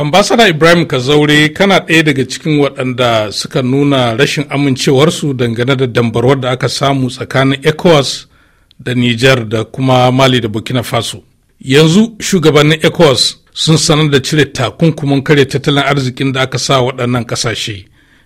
ambasada ibrahim kazaure kana ɗaya daga cikin waɗanda suka nuna rashin amincewarsu dangane da dambarwar da aka samu tsakanin ecowas da niger da kuma mali da burkina faso yanzu shugabannin ecowas sun sanar da cire takunkumin kare tattalin arzikin da aka sa waɗannan ƙasashe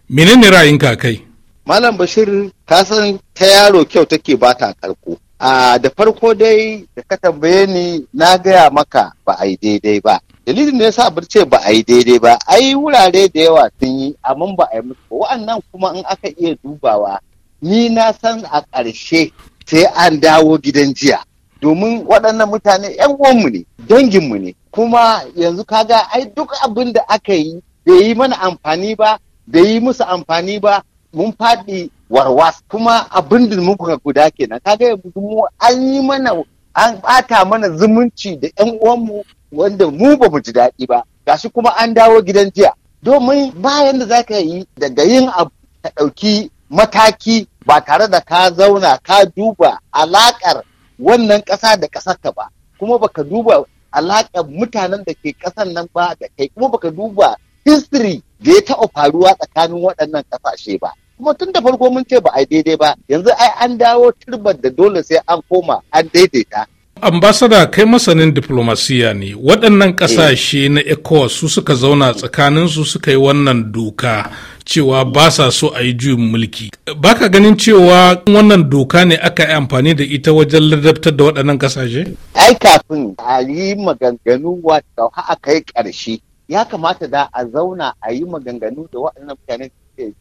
menene ra'ayinka kai malam bashir ka san ta yaro kyau take ba ta karko a da farko dai da ka tambaye ni na gaya maka ba a yi daidai ba dalilin da ya sa ce ba a yi daidai ba ai wurare da yawa sun yi amma ba a yi musu ba wa'annan kuma in aka iya dubawa ni na san a ƙarshe sai an dawo gidan jiya domin waɗannan mutane 'yan uwanmu ne danginmu ne kuma yanzu kaga ai duk abin da aka yi bai yi mana amfani ba bai yi musu amfani ba mun faɗi warwas kuma abin da muka guda kenan kaga yanzu mu an yi mana an ɓata mana zumunci da 'yan uwanmu wanda mu ba mu ji daɗi ba gashi kuma an dawo gidan jiya domin bayan da zaka yi daga yin abu ka ɗauki mataki ba tare da ka zauna ka duba alaƙar wannan ƙasa da ƙasar ka ba kuma baka duba alaƙar mutanen da ke ƙasar nan ba da kai kuma baka duba history da ya taɓa faruwa tsakanin waɗannan ƙasashe ba kuma tun da farko mun ce ba a daidai ba yanzu ai an dawo turbar da dole sai an koma an daidaita ambasada kai masanin diplomasiya ne waɗannan ƙasashe na ecowas su suka zauna tsakanin su suka yi wannan doka cewa ba sa so a yi juyin mulki baka ganin cewa wannan doka ne aka yi amfani da ita wajen ladabtar da waɗannan ƙasashe ai kafin a yi maganganu wata a kai ƙarshe ya kamata da a zauna a yi maganganu da waɗannan mutane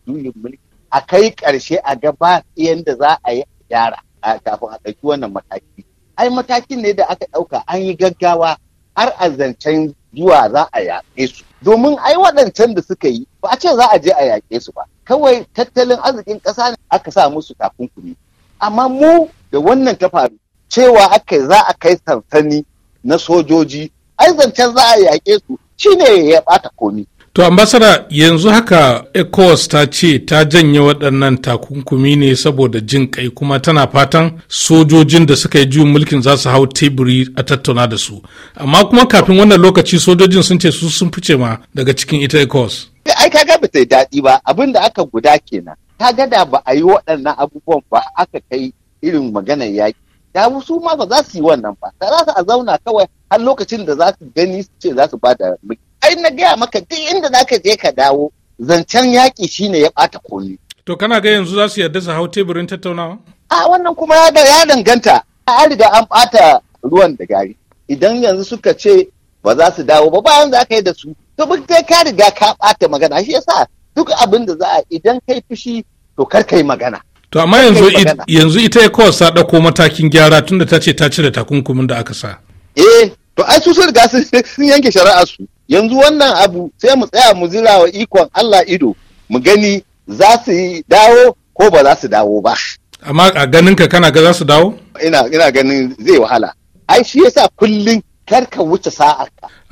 juyin mulki a kai ƙarshe a gaba da za a yi gyara kafin a ɗauki wannan mataki ai matakin ne da aka ɗauka an yi gaggawa har a zancen zuwa za a yaƙe su domin ai waɗancan da suka yi ba a ce za a je a yaƙe su ba kawai tattalin arzikin ƙasa ne aka sa musu kafin takunkumi amma mu da wannan ta faru cewa aka za a kai sansani na sojoji ai zancen za a yaƙe su shine ya ɓata komi To ambasara yanzu haka ECOWAS ta ce ta janye waɗannan takunkumi ne saboda jin kai kuma tana fatan sojojin da suka yi juyin mulkin za su hau teburi a tattauna da su. Amma kuma kafin wannan lokaci sojojin sun ce su sun fice ma daga cikin ita ECOWAS. Ai kaga ba ta yi daɗi ba abin da aka guda kenan. ta da ba a yi waɗannan abubuwan ba aka kai irin maganar yaƙi. Da su ma ba za su yi wannan ba. Ta za su a zauna kawai har lokacin da za su gani su ce za su ba da mulki. ai na gaya maka duk inda zaka je ka dawo zancen yaƙi shine ya ɓata komi. To kana ga yanzu za su yarda su hau teburin tattaunawa? A wannan kuma ya ya danganta an riga an ɓata ruwan da gari. Idan yanzu suka ce ba za su dawo ba bayan za ka yi da su to bin kai ka riga ka ɓata magana shi yasa duk abin da za a idan kai fushi to kar ka yi magana. To amma yanzu yanzu ita ya kawai sa ɗauko matakin gyara tunda ta ce ta cire takunkumin da aka sa. Eh to ai su sun riga sun yanke shari'a su yanzu wannan abu sai mu tsaya mu zira wa ikon Allah ido mu gani za su yi dawo ko ba za su dawo ba amma a ganin ka kana ga za su dawo ina ganin zai wahala ai shi yasa kullum kar ka wuce sa'a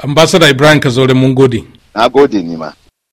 ambassador Ibrahim Kazore mun gode na gode ni ma